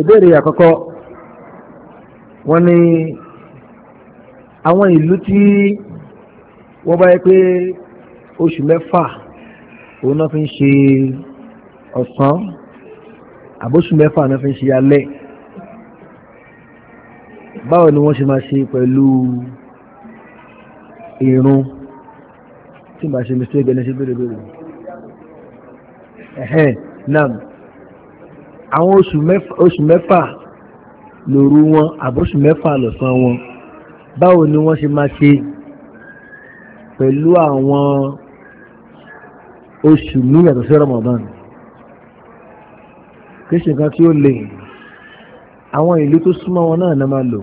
ìbéèrè àkọ́kọ́ wọ́n ní àwọn ìlú tí wọ́n bá yẹ pé oṣù mẹ́fà òun náà fi ń ṣe ọ̀sán àbóṣù mẹ́fà náà fi ń ṣe alẹ́ báwo ni wọ́n ṣe máa ṣe pẹ̀lú ìrun tí n ṣe mistake ẹni ṣe béèrè béèrè ẹ̀hẹ́n àwọn oṣù mẹ́fà lòru wọn àbóṣù mẹ́fà lọ́sàn wọn báwo ni wọ́n ṣe máa ṣe pẹ̀lú àwọn oṣù ní yàtọ̀ sí Ramadan kìí kan tí ó lè àwọn ìlú tó súnmọ́ wọn náà náà máa lò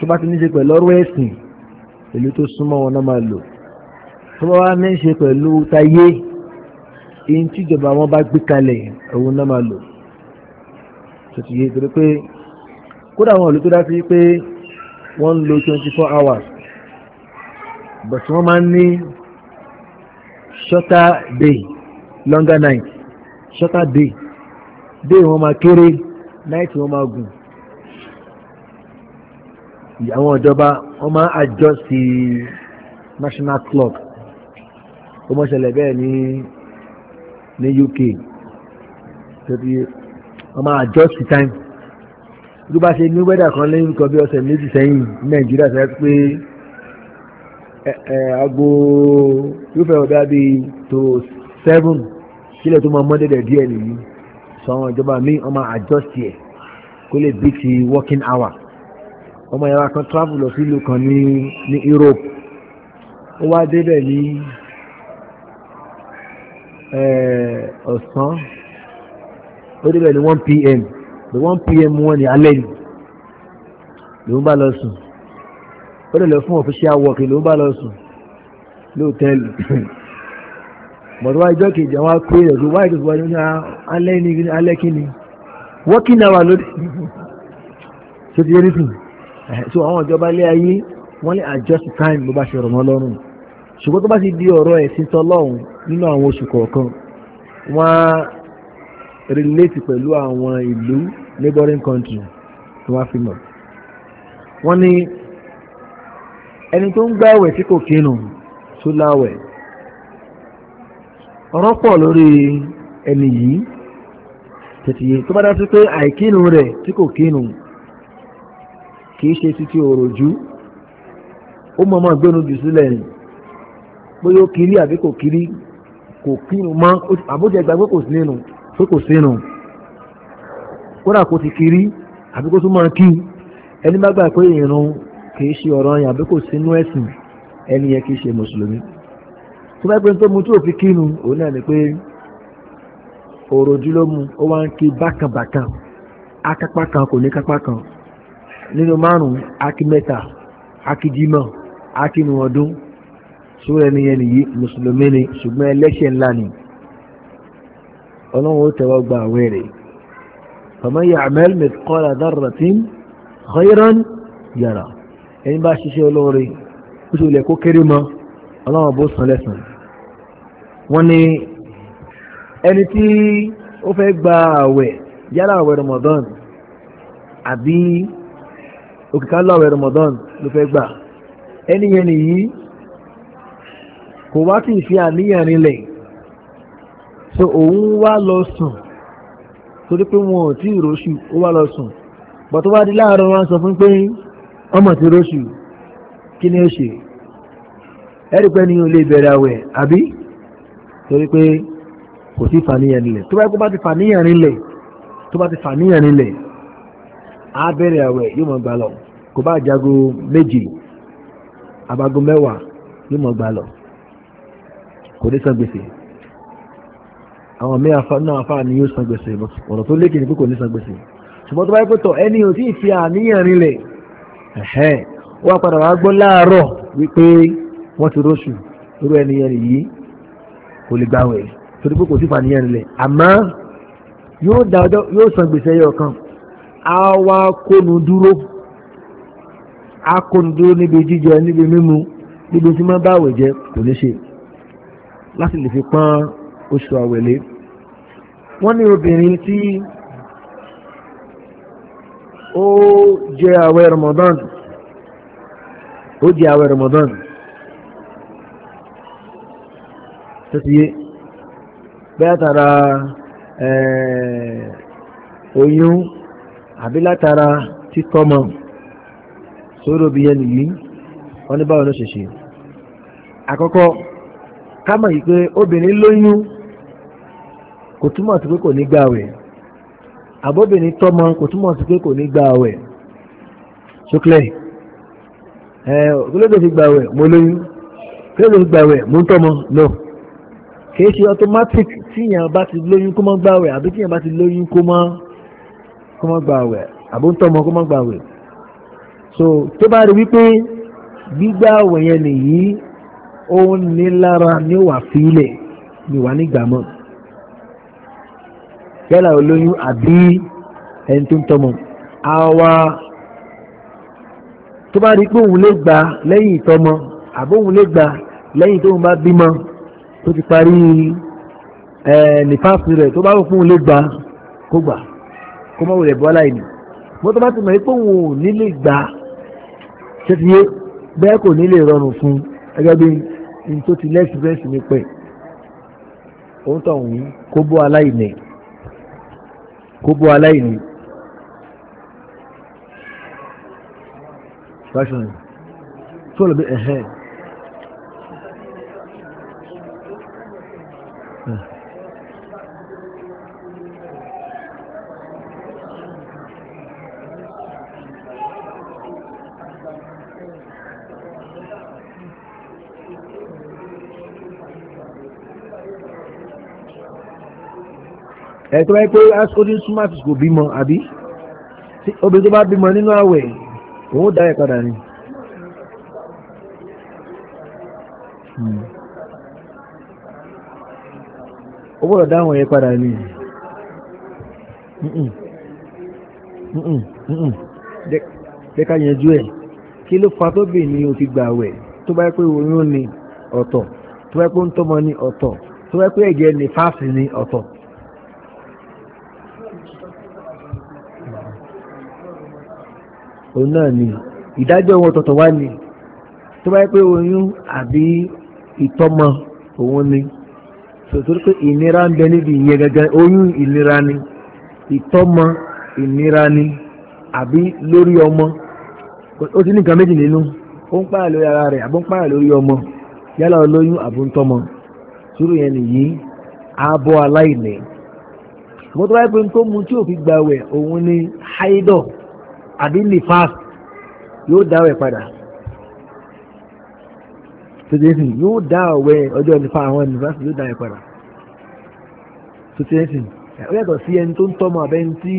tó bá ti ní ṣe pẹ̀lú ọ̀rọ̀ ẹ̀sìn ìlú tó súnmọ́ wọn náà máa lò tó bá wá ní ṣe pẹ̀lú tayé èyí tí ìjọba wọn bá gbé kalẹ̀ òun náà máa lò ṣètìyẹ torí pé kódà àwọn ìlú tó dá sí pé wọ́n ń lo twenty four hours but wọ́n máa ń ní shorter day longer night shorter day day wọ́n máa kéré night wọ́n máa gùn àwọn ìjọba wọ́n máa adjust the national clock ó mọ̀ ṣẹlẹ̀ bẹ́ẹ̀ ní ní UK torí wọ́n máa adjust the time bí bá ṣe ní wẹ́dà kan lẹ́yìn kan bí ọ̀sẹ̀ méjì sẹ́yìn ní Nàìjíríà sọ pé agbo yóò fẹ́ ọ̀dà bíi to seven sílẹ̀ tó máa mọ́ dẹ́dẹ̀ díẹ̀ nìyí sọ àwọn ìjọba mi wọ́n máa adjust yẹ kó lè bí ti working hour ọmọ ìyára kan travel lọ sí ìlú kan ní Europe ó wá débẹ̀ ní. Eh, ọ̀sán ó débẹ̀ ní one pm the one pm wọn ni alẹ́ ni lòun bá lọ sùn ó lè lọ fún official work lòun bá lọ sùn lóòtẹ́ẹ̀lì bọ̀dọ̀ wá ìjọ́ kejì àwọn akpé rẹ̀ gbogbo wáyé gbogbo ní alẹ́ ní alẹ́ kíni working hour lóde ṣé ti yẹ nísìn eh, so àwọn ìjọba ilé ayé wọ́n lè adjust time bó bá ṣe rọ̀ mọ́ lọ́rùn ṣùgbọ́n tó bá ti di ọ̀rọ̀ ẹ̀sìn tọlọ́hun nínú àwọn oṣù kọ̀ọ̀kan wọ́n á relate pẹ̀lú àwọn ìlú neighboring country tó wá fi mọ̀ wọ́n ní ẹni tó ń gbààwẹ̀ tí kò kínu tó láwẹ̀ ọ̀rọ̀ pọ̀ lórí ẹni yìí tètè tó bá dá sí pé àìkínu rẹ̀ tí kò kínu kì í ṣe títí òròjú ó mọ̀ọ́mọ̀ gbénu jù sílẹ̀ yìí. bóyá ó kiri àbí kò kiri kò kírun mọ́ àbójẹ gbàgbé kò sí nínú pé kò sínú kódà kò ti kiri àbí kó tún máa kí ẹni bá gbà pé ìrun kìí ṣe ọ̀rọ̀ yẹn àbí kò sínú ẹ̀sìn ẹni yẹn kìí ṣe mùsùlùmí tó bá pẹ́ tó mu tí ò fi kínu òun náà ni pé òròjú ló mu ó wá ń kí bákànbákàn akápá kan kò ní kápá kan nínú márùn-ún akí mẹ́ta sórí ẹni yẹn nìyí mùsùlùmí ni ṣùgbọ́n ẹlẹ́ṣẹ̀ ńlá ni ọlọ́run ó tẹ́wọ́ gba àwẹ̀ rẹ̀ faman ya'mal mithqala dharratin khayran yara ẹni bá ṣiṣẹ́ olóore ó ti wùlẹ̀ kó kéré mọ́ ọlọ́run bó san lẹ́sàn wọ́n ní ẹni tí ó fẹ́ gba àwẹ̀ yálà àwẹ̀ Ramadan àbí òkìkálọ́ àwẹ̀ Ramadan ló fẹ́ gbà ẹni yẹn nìyí kò wá tí fi àníyàn rinlẹ̀ so òun wá lọ sùn torí pé wọn ò tí ìróṣù ó wá lọ sùn bọ̀ tó bá di láàárọ̀ wọn sọ fún pé ọmọ ti róṣù kí ni ó ṣe ẹ̀rí pé ní o lè bẹ̀rẹ̀ àwẹ̀ àbí torí pé kò sí fàníyàn rinlẹ̀ tó bá kó bá ti fàníyàn rinlẹ̀ tó bá ti fàníyàn rinlẹ̀ á bẹ̀rẹ̀ àwẹ̀ yóò mọ̀ gbà lọ kò bá jago méjì abago mẹ́wàá yóò mọ̀ gbà lọ kò ní san gbèsè àwọn mẹ́rin afá ni yóò san gbèsè ọ̀rọ̀ tó lékè ní pé kò ní san gbèsè ṣùgbọ́n tó bá yẹ pé tọ̀ ẹni ò tí ì fi àníyàn rinlẹ̀ ẹ̀hẹ́n wọ́n padà wá gbọ́ láàárọ̀ wípé wọ́n ti róṣù irú ẹni yẹn nìyí kò lè gbàwẹ̀ torí pé kò sí fàníyàn rinlẹ̀ àmọ́ yóò da ọjọ́ yóò san gbèsè ẹyọ kan á wá dúró á dúró níbi jíjẹ níbi mímu níbi tí wọ́n bá àwẹ̀ jẹ kò ní ṣe láti lè fi pọ́n oṣù àwẹ̀lé wọ́n ní obìnrin tí ó jẹ àwẹ̀ Ramadan ó jẹ àwẹ̀ Ramadan tó ti yé bẹ́ẹ̀ tara oyún àbí látara títọ́mọ sórí obìnrin yìí wọ́n ní báwọn ló ṣe ṣe àkọ́kọ́ Kama mọ̀ yìí pé obìnrin lóyún kò túmọ̀ sí pé kò ní gbààwẹ̀ àbóbìnrin tọ́mọ kò túmọ̀ sí pé kò ní gbààwẹ̀ ṣókìlẹ̀ ẹ olóògbé ti gbààwẹ̀ mo lóyún olóògbé ti gbààwẹ̀ mo ń tọ́mọ no kìí ṣe automatic tíyàn bá ti lóyún kó má gbààwẹ̀ àbí tíyàn bá ti lóyún kó má kó má gbààwẹ̀ àbó ń tọ́mọ kó má gbààwẹ̀ so tó bá rí wípé gbígbààwẹ̀ yẹn nìyí ó ń ní lára ní wà fílẹ̀ ní wà nígbà mọ́ yálà olóyún àbí ẹni tó ń tọmọ àwa tó bá rí pé òun lè gbà lẹ́yìn ìtọmọ àbóhun lè gbà lẹ́yìn tóun bá bímọ tó ti parí nífàsì rẹ̀ tó bá rò fún un lè gbà kó gbà kó mọ̀ rẹ̀ bọ́lá ìní mo tó bá ti mọ̀ pé òun ò ní lè gbà ṣé ti yé bẹ́ẹ̀ kò ní lè rọrùn fún ẹgbẹ́ bíi ní tó ti lẹ́sìrẹ́sì ní pẹ̀ òun tàn wí kó bọ́ aláìní kó bọ́ aláìní fashion tó lọ bí ẹ̀hẹ́n ẹ̀ tó báyìí pé ó ti ń súnmọ́ àsìkò bímọ àbí obìnrin tó bá bímọ nínú àwẹ̀ òun ó dá ẹ̀ padà ni. Hmm. ó gbọ́dọ̀ dáhùn ẹ̀ padà ni. jẹ́ ká yanjú ẹ̀ kí ló fa tó bì ní o gbà wẹ̀ tó bá yẹ pé oyún ni ọ̀tọ̀ tó bá yẹ pé ń tọ́mọ ni ọ̀tọ̀ tó bá yẹ pé ẹ̀jẹ̀ ni fáàsì ni ọ̀tọ̀. òun náà ni ìdájọ́ wọn tọ̀tọ̀ wá ni tó bá yẹ pé oyún àbí ìtọ́mọ òun ni sòtúrú pé ìnira ń bẹ níbi ìyẹn gẹ́gẹ́ oyún ìnira ni ìtọ́mọ ìnira ni àbí lórí ọmọ ó ti ní nǹkan méjì nínú ó ń pààyà lórí ara rẹ̀ àbó ń pààyà lórí ọmọ yálà olóyún àbó ń tọ́mọ sùúrù yẹn nìyí ààbọ̀ aláìní mo tó bá yẹ pé tó mu tí ò fi gbà wẹ̀ òun ni haidọ̀ àbí nifas yóò dá àwẹ̀ padà tòtẹ́sì yóò dá àwẹ̀ ọjọ́ nifas àwọn nifas yóò dá àwẹ̀ padà tòtẹ́sì ó yàtọ̀ sí ẹni tó ń tọ́mọ abẹ́ ẹni tí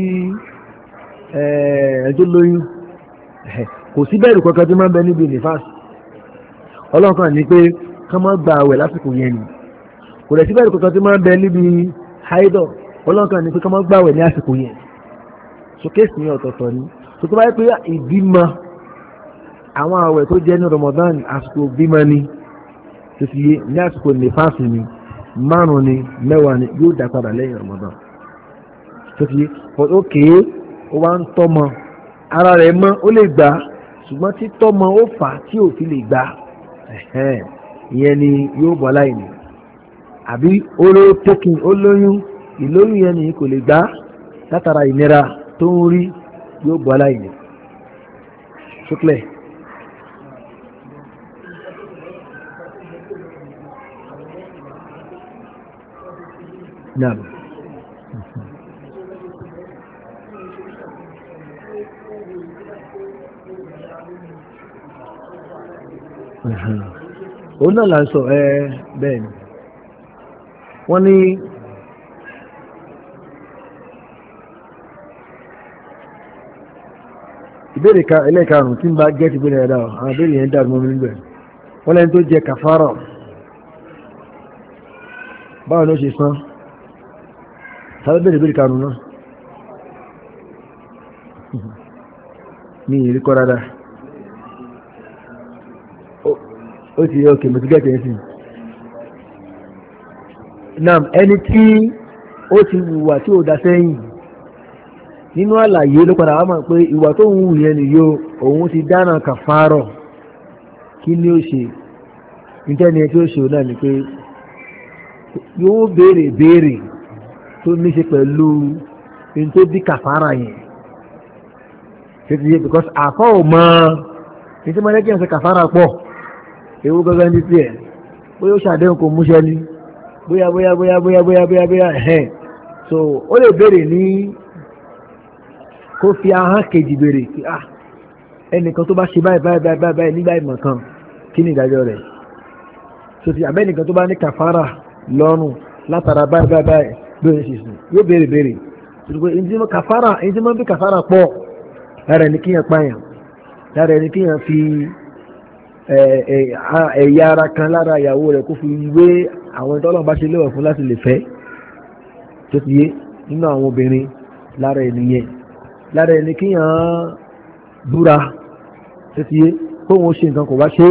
ẹni tó lóyún kò sí bẹ́ẹ̀rù kankan tó máa ń bẹ níbi nifas ọlọ́kan ni pé ká má gba àwẹ̀ lásìkò yẹn ni kò lẹ̀ sí bẹ́ẹ̀rù kankan tó máa ń bẹ níbi haidọ̀ ọlọ́kan ni pé ká má gbàwẹ̀ ní àsìkò yẹn so kéèsì yẹn ọ̀tọ̀ọ̀tọ̀ ni tó bá yẹ pé ìbímọ àwọn àwẹ̀ tó jẹ́ ní Ramadan àsìkò bímọ ni tó ní àsìkò nífàsì ni márùn ni mẹ́wàá ni yóò dá padà lẹ́yìn Ramadan tó ti yé but ókè ó wá ń tọ́mọ ara rẹ̀ mọ́ ó lè gbà ṣùgbọ́n tí tọ́mọ ó fà á tí ò fi lè gbà ìyẹn ni yóò bọ́ láì ní àbí ó lóyún ó lóyún ìlóyún yẹn ni kò lè gbà látara ìnira tó ń rí yóò bọ́ aláìní ṣúklẹ̀ náà òun náà là ń sọ ẹ bẹ́ẹ̀ ni wọ́n ní ìbéèrè ka ẹlẹ́ẹ̀karùn tí ń bá gẹ́ẹ̀tì gbé dáadáa àwọn ìbéèrè yẹn dáadọ́ mọ́mí nígbẹ̀ wọ́n lẹ́ni tó jẹ kàfárà báwo ló ṣe san sáré béèrè béèrè karùn náà ní ìrí kọ́ dáadáa ó ti yẹ òkè mo ti gẹ́ẹ̀tì yẹn sí nam ẹni tí ó ti wùwà tí ò dá sẹ́yìn nínú àlàyé ló padà wá mọ̀ pé ìwà tó ń wù yẹn nìyó òun ti dáná kàfárọ̀ kí ni ó ṣe nítẹ́ni tí ó ṣe náà ni pé yóò béèrè béèrè tó ní ṣe pẹ̀lú ní tó bí kàfárà yẹn tètè yẹ because àkọ́ ò mọ ní tí mọ́lẹ́kì ẹ̀sẹ̀ kàfárà pọ̀ ewu gẹ́gẹ́ ní tiẹ̀ bóyá ó ṣàdéhùn kò múṣẹ́ ni bóyá bóyá bóyá bóyá bóyá bóyá bóyá ẹ̀hẹ́n so ó lè béèrè ní kó fi ahọ́n kejì béèrè pé ah ẹnìkan tó bá ṣe báyìí báyìí báyìí báyìí nígbà ìmọ̀ kan kí ni ìdájọ́ rẹ̀ sòtì àbẹ́nìkan tó bá ní kàfàrà lọ́rùn látara báyìí báyìí báyìí lóyún ṣe sùn yóò béèrè béèrè sòtì pé ìdí kàfàrà ìdí mọ́ bí kàfàrà pọ̀ lára ẹni kíyàn pààyàn lára ẹni kíyàn fi ẹ̀yà ara kan lára ìyàwó rẹ̀ kó fi wé àwọn ìtọ́lọ́ bá ṣe léwọ̀ lára ẹni lára ẹni kíyàn búra títí kóhun ṣe nǹkan kò bá ṣe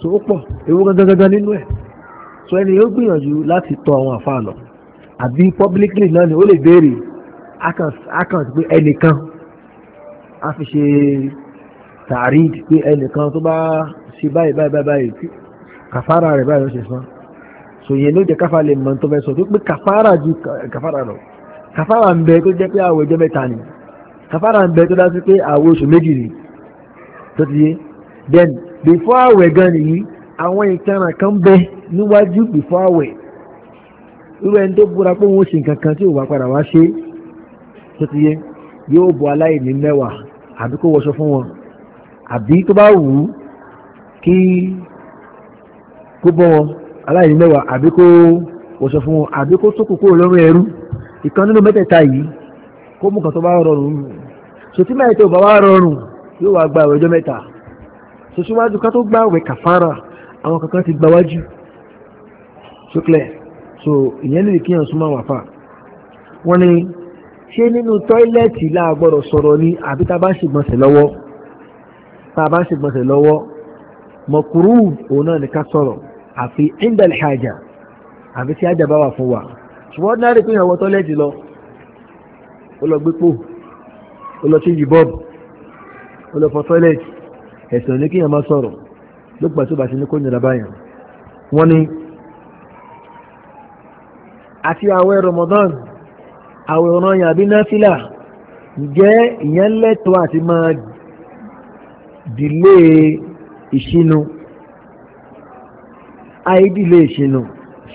so ó pọ̀ ewu gangan nínú ẹ̀ so ẹni yóò gbìyànjú láti tọ àwọn àfa lọ àbí publicly náà ni ó lè béèrè akàn pé ẹnìkan a fi ṣe tààrí pé ẹnìkan tó bá ṣe báyìí báyìí báyìí kàfàrà rẹ̀ báyìí ó ṣe san so yẹn ló jẹ káfa lè mọ̀ tó fẹ́ sọ pé kàfàrà ju kàfàrà lọ kàfàrà ń bẹ tó jẹ́ pé àwẹ̀ jẹ́ mẹ́ta ni kàfàrà ń bẹ tó dásí pé àwọn oṣù méjì rí tó ti yé then before àwẹ̀ gan nìyí àwọn ìtanràn kan bẹ níwájú before àwẹ̀ irú ẹni tó búra pé òun ṣe nǹkan kan tí ò wá padà wá ṣe tó ti yé yóò bọ aláìní mẹ́wàá àbí kó wọṣọ fún wọn àbí tó bá wù ú kí kó bọ́ wọn aláìní mẹ́wàá àbí kó wọṣọ fún wọn àbí kó tó kókó lọ́rùn ẹrú ìkan nínú mẹ́tẹ̀ẹ̀ta yìí kó mú kan tó bá rọrùn nù sòtí mẹ́rin tó bá wá rọrùn yóò wá gba ọjọ́ mẹ́ta sòsíwájú ká tó gba àwẹ̀ kàfàrà àwọn kankan ti gbáwájú ṣókèlè so ìyẹn lè kíyàn súnmọ́ wàfà wọ́n ní ṣé nínú tọ́ílẹ̀tì láàgbọ́dọ̀ sọ̀rọ̀ ni àbí tá a bá ń ṣègbọ̀nsẹ̀ lọ́wọ́ tá a bá ń ṣègbọ̀nsẹ̀ lọ́wọ́ mọ̀kúrú òun náà ní ká sọ̀rọ̀ àfi indal haja àfi tí haja bá wà fún wa ṣùgbọ́n náà rí pé ìyàwó tọ́ílẹ̀tì lọ ó lọ gbépò ó lọ sí yìbọ́ọ̀bù ó lọ fọ tọ́ílẹ̀tì ẹ̀sìn ní kíyàn máa sọ̀rọ̀ lópa tó bá ti ní kó nira báyàn wọ́n ní àti àwẹ̀ Ramadan àwẹ̀ ọ̀ràn yàn àbí náfìlà ǹjẹ́ ìyẹn lẹ́tọ̀ọ́ àti máa dìlé ìṣinu àìdílé ìṣinu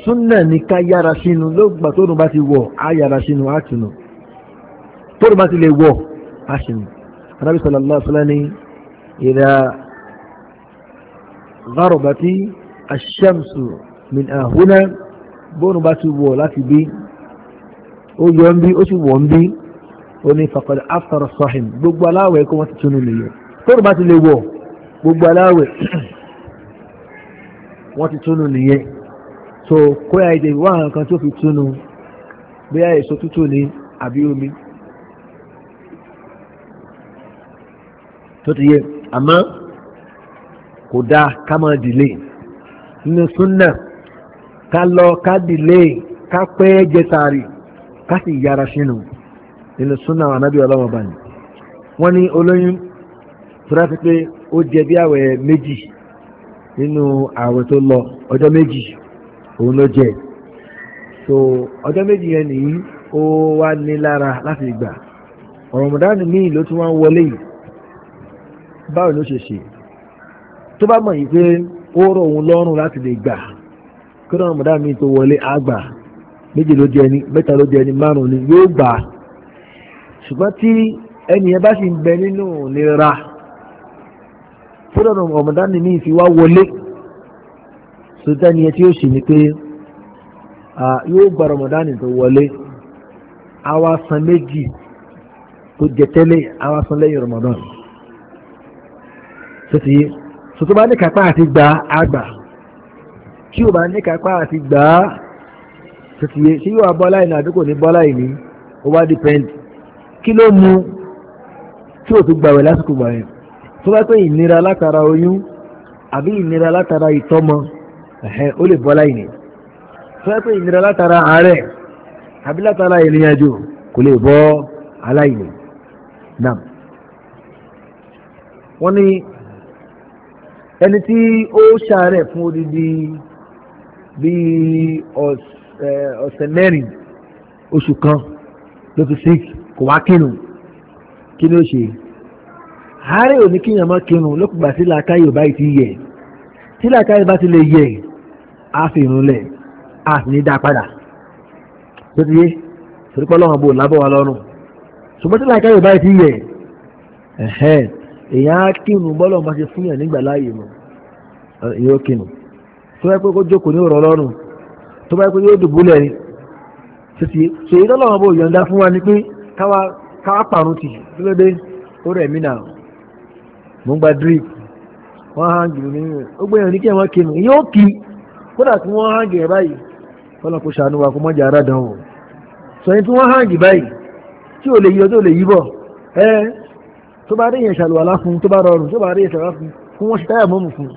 súnà ní ká yára sínú lóògbà tó nù bá ti wọ̀ á yára sínú á tùnú tó rò bá ti lè wọ̀ aṣèlú anábì sallallahu alaihi wasallam ní ìdá gharabati ash-shamsu min ahuna bóun bá ti wọ̀ láti bí ó yọ ń bí ó sì wọ̀ ń bí ó ní faqad aftara sahim gbogbo aláwẹ̀ kó wọ́n ti túnú nìyẹn tó rò bá ti lè wọ̀ gbogbo aláwẹ̀ wọ́n ti túnú nìyẹn so kóyà ìdè wà nǹkan tó fi túnú bóyá èso tútù ni àbí omi tó ti yé àmọ́ kò dáa ká máa dìlé nínú súnà ká lọ ká dìlé ká pẹ́ jẹ sààrì ká sì yára sínú nínú súnà ànábì ọlọ́wọ́ bá ní. wọ́n ní olóyún tó dá pé ó jẹ bí àwẹ̀ méjì nínú àwẹ̀ tó lọ ọjọ́ méjì òun ló jẹ so ọjọ́ méjì yẹn nìyí ó wá ní lára láti gbà ọ̀rọ̀ mọ̀dánù míì ló tún wá ń wọlé yìí báwo ló ṣe ṣe tó bá mọ̀ yìí pé ó rọ̀ òun lọ́rùn láti lè gbà kí lọ́rùn mọ̀dá mi tó wọlé àgbà méjì ló jẹ ni mẹ́ta ló jẹ ni márùn-ún ni yóò gbà ṣùgbọ́n tí ẹni yẹn bá sì ń bẹ nínú ìnira tó lọ́rùn ọ̀mọ̀dá ni mi fi wá wọlé sọ́tà ni ẹ tí ó ṣe ni pé yóò gba rọmọdánì tó wọlé àwa san méjì tó jẹ tẹ́lẹ̀ àwa san lẹ́yìn rọmọdánì tó ti so tó bá ní kápá àti gbà á gbà tí ò bá ní kápá àti gbà á tó ti yé ṣé yóò wá bọ́lá ìní àdúgbò ní bọ́lá ìní ó wá dípẹ́ǹdì kí ló mu tí ò tún gbàwẹ̀ lásìkò gbàwẹ̀ tó bá pé ìnira látara oyún àbí ìnira látara ìtọ́mọ ẹ̀hẹ́ ó lè bọ́lá ìní tó bá pé ìnira látara àárẹ̀ àbí látara ìrìn kò lè bọ́ aláìní ẹni tí ó ṣàárẹ̀ fún odidi bíi ọ̀sẹ̀ mẹ́rin oṣù kan ló fi sick kò wá kírun kí ni ó ṣe àárẹ̀ ò ní kíyàn má kírun ló kùgbà sí làákàyè báyìí ti yẹ tí làákàyè bá ti lè yẹ á fi irun lẹ̀ á sì ní dá padà tó ti yé torípọ́ lọ́wọ́ bò lábọ̀ wa lọ́rùn ṣùgbọ́n tí làákàyè báyìí ti yẹ èèyàn á kírun bọ́lọ̀ máa ṣe fúnyàn nígbà láàyè mọ̀ tó bá pẹ́ kó jókòó ní ọ̀rọ̀ ọlọ́run tó bá pẹ́ yóò dùbúlẹ̀ ni títí ṣe èyí tọ́lọ́wọ́n bó yọ̀ǹda fún wa ni pé káwa káwa tì ó rẹ̀ mí náà ń gba drip wọ́n hàn jù ní ó gbé yàn ní kí wọ́n kírun kí kódà tí wọ́n hàn jù báyìí ara sọ tó bá rí èèyàn ṣàlùwàlá fún tó bá rọrùn tó bá rí èèyàn ṣàlùwàlá fún fún wọn ṣe táyà mọ́mù fún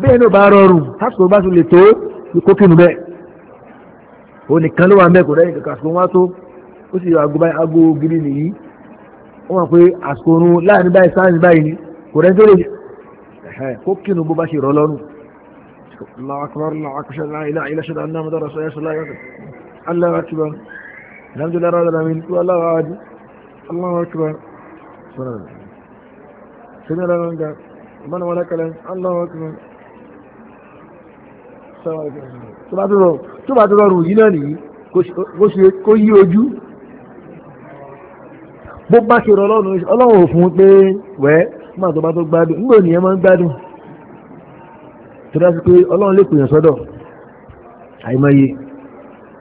bẹ́ẹ̀ ní ò bá rọrùn tásìkò bá tún lè tó ikó kínú bẹ́ẹ̀ ó nìkan ló wà mẹ́kò rẹ̀ kàkà àsìkò wọn tó ó sì aago báyìí aago gidi nìyí wọ́n mọ̀ pé àsìkò oorun láàrin báyìí sáàrin báyìí ni kò rẹ́ tó lè kó kínú bó bá ṣe rọ lọ́rùn. Allahu akbar Allahu akbar la ilaha illa Allah anna muhammadar sunan similar wanga mana wani kalan allah akbar tó bá tó rọrùn yìí náà nìyí kó oju bó bá ṣe rọ ọlọ́run ọlọ́run ò fún pé wẹ́ má tó bá tó gbádùn máa ń gbádùn tó dá sí pé ọlọ́run lè sọ́dọ̀ àìmọye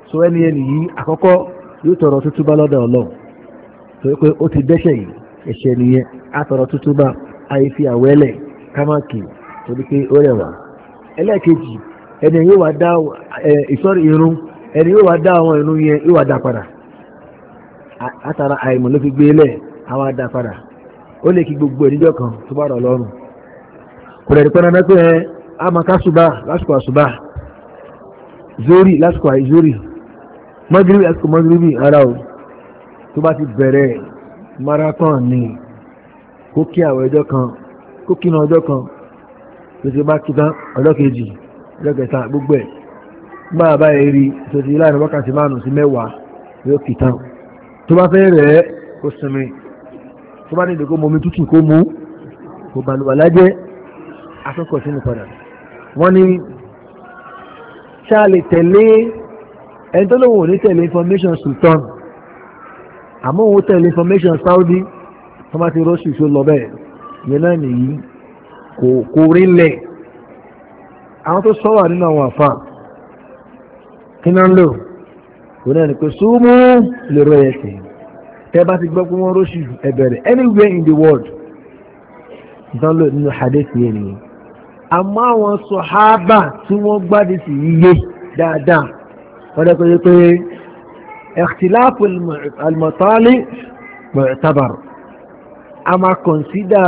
so ẹni ẹni yìí àkọ́kọ́ yóò tọrọ tútúbá lọ́dọ̀ ọlọ́run tó yẹ pé ó ti dẹ́ṣẹ̀ yìí ẹ̀ṣẹ̀ nìyẹn àtọ̀rọ̀ tuntun bá ayé àwẹ́lẹ̀ kámákì torí pé ó rẹwà ẹlẹ́ẹ̀kejì ẹni yóò wá dá ìsọ́rí irun ẹni yóò wá dá àwọn irun yẹn yóò wá dá padà àtàrà àìmọ̀ ló fi gbé lẹ̀ àwọn padà ó lè kí gbogbo kan tó bá rọ̀ lọ́rùn kò náà pé suba zori lásìkò lásìkò mọ́gírí ara marathon ni kó kí àwọn ọjọ́ kan kó kí ọjọ́ kan tó ti bá kí tán ọjọ́ kejì ọjọ́ kẹta gbogbo ẹ̀ bá a bá yẹ rí tó ti láàrin wákàtí márùn sí mẹ́wàá yóò kì tán tó bá fẹ́ rẹ̀ kó sinmi tó bá nílò kó mu omi tútù kó mu kó balùwàlá jẹ́ akẹ́kọ̀ọ́ sínú padà wọ́n ní ṣáà lè tẹ̀lé ẹni tó lóun ò ní tẹ̀lé information sultan àmọ́ òun tẹ̀lé information Saudi wọ́n bá ti rọ́ṣù tó lọ bẹ́ẹ̀ yẹn náà nìyí kò rílẹ̀ àwọn tó sọ wà nínú àwọn àfa kí náà ń lò kò náà ní pé súnmú lè ẹsẹ̀ tẹ́ bá ti gbọ́ pé wọ́n rọ́ṣù ẹ̀bẹ̀rẹ̀ anywhere in the world nǹkan lò nínú hadith yẹn nìyí àmọ́ àwọn sọ̀hábà tí wọ́n gbádìí sí yíyé dáadáa wọ́n dẹ́ pé اختلاف المطالع معتبر a máa kọ̀nsídà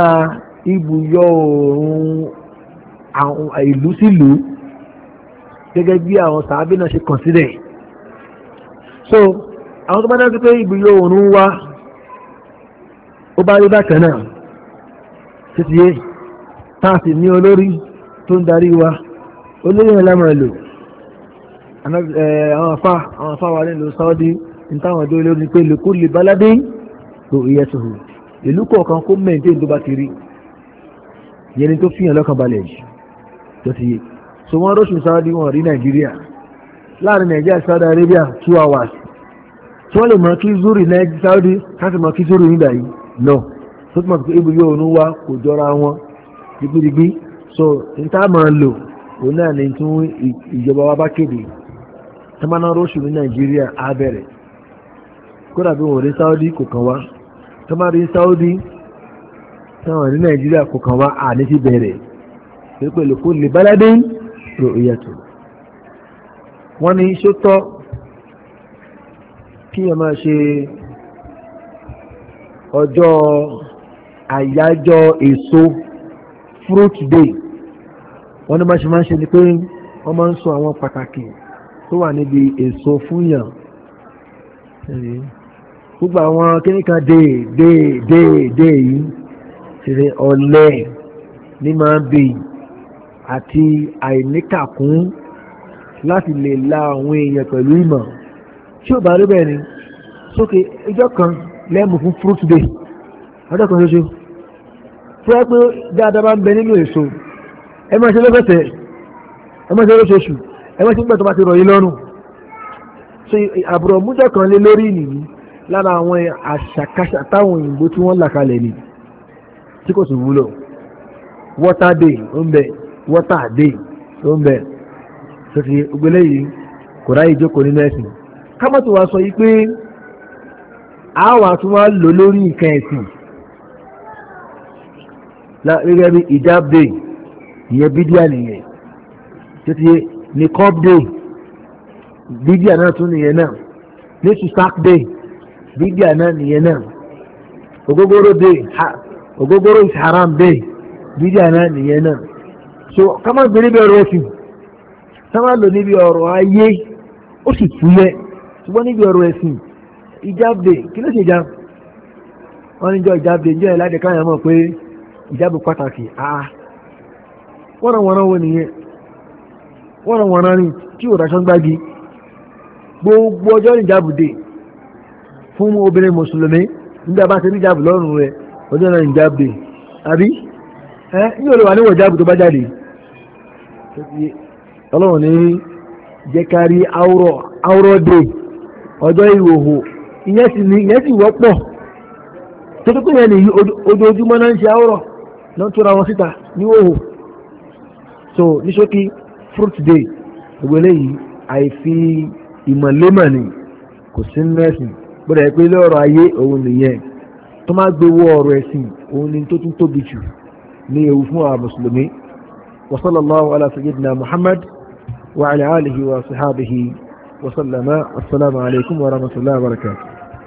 ibùyọ òòrùn ìlú sílùú gẹ́gẹ́ bí àwọn sàábì náà ṣe kọ̀nsídà so àwọn tó bá dájú pé ibùyọ òòrùn wa ó bá rí bákan náà títí yé tá a sì ní olórí tó ń darí wa olóyè ẹ̀ lò àwọn afá àwọn afá wa nílùú Saudi ní táwọn ọdún olórí ni pé lèkó lè baládé lò ìyẹ sòhò ìlú kọ̀ọ̀kan kó mẹ́ǹtẹ́ tó bá ti rí yẹn tó fi lọ́kàn balẹ̀ jù tó ti yé so wọ́n rọ́ṣùn Saudi wọn rí Nàìjíríà láàrin Nàìjíríà Saudi Arabia two hours tí wọ́n lè mọ kí zuri Nàìjíríà Saudi káàtì mọ kí zuri nígbà yìí no tó túmọ̀ pé ibùdó òun wá kò jọra wọn digbidigbi so n tá máa lò òun náà ni tún ìjọba wa bá kéde tamaná róṣù ni Nigeria á bẹ̀rẹ̀ kódà bí wọn ò rí sáúdí kò kàn wá tọ́má rí sáúdí táwọn ní nàìjíríà kò kàn wá àní ti bẹ̀rẹ̀ pé pẹ̀lú kó lè báládé ro ìyàtọ̀ wọ́n ní sótọ́ kí ẹ máa ṣe ọjọ́ àyájọ́ èso fruit day wọ́n ní máa ṣe máa ṣe ni pé wọ́n máa ń sọ àwọn pàtàkì tó wà níbi èso fúnyàn gbogbo àwọn kíníkan dèè dèè dèè dèè yìí ṣe ọ̀lẹ ní máa ń bè àti àìníkàkún láti lè la àwọn èèyàn pẹ̀lú ìmọ̀ tí ò bá rí bẹ́ẹ̀ ni sókè ẹjọ́ kan lẹ́mù fún fruit day ọjọ́ kan ṣoṣo tí wọ́n pé dáadáa bá ń bẹ nínú èso ẹ máa ṣe lọ́fẹ̀ẹ́ ẹ máa ṣe lóṣooṣù ẹgbẹ́ tí ń gbẹ̀ bá ti rọ̀ lọ́rùn so àbúrò mújọ kan lé lórí nìyí lára àwọn àṣàkáṣà táwọn òyìnbó tí wọ́n là kalẹ̀ ni tí kò sì wúlò water day ó ń bẹ water day ó ń bẹ sọfì ògbélé yìí kò ráyè jókòó nínú ẹ̀sìn kámọ́tò wa sọ yìí pé àwọn àtúmọ̀ lò lórí nǹkan ẹ̀sìn gẹ́gẹ́ bí ìjáde ìyẹn bídíà nìyẹn tó ní cup day bídíà náà tún nìyẹn náà ní susak day bídíà náà nìyẹn náà ogogoro day haram day bídíà náà nìyẹn náà so kama gbèrè bẹ́ẹ̀ rẹ̀ sí sábà lò níbi ọ̀rọ̀ ayé ó sì túlẹ̀ ṣùgbọ́n níbi ọ̀rọ̀ ẹ̀sìn ìjáde kí ló ṣe já wọ́n níjọ́ ìlàdẹ̀ káyọ̀ mọ̀ pé pàtàkì wọ́n ah, wọ́n wọ́n ràn wọ́n rán ní tí ò dáṣán gbági gbogbo ọjọ́ ìjábùdé fún obìnrin mùsùlùmí nígbà bá ti rí ìjábù lọ́rùn rẹ̀ ọjọ́ náà ìjábùdé àbí ẹ ní olùwà níwọ̀ ìjábù tó bá jáde ọlọ́run ní jẹ́ kárí áwúrọ̀ dé ọjọ́ ìwòhò ìyẹn sì ní ìyẹn sì wọ́pọ̀ tó tó pé nìyí ojoojúmọ́ náà ń ṣe áwúrọ̀ náà tóra wọn síta ní so ní ṣókí fruit day gbogbo eléyìí àìfi ìmọ̀lémọ̀ni kò sí nínú ẹ̀sìn gbọ́dọ̀ yẹ pé ilé ọ̀rọ̀ ayé òun nìyẹn tó máa gbé wọ ọ̀rọ̀ ẹ̀sìn òun ni tó tún tóbi jù ní ewu fún àwọn mùsùlùmí wa sallallahu ala sayyidina muhammad wa ala alihi wa sahabihi wa sallama assalamu wa rahmatullahi wa barakatuh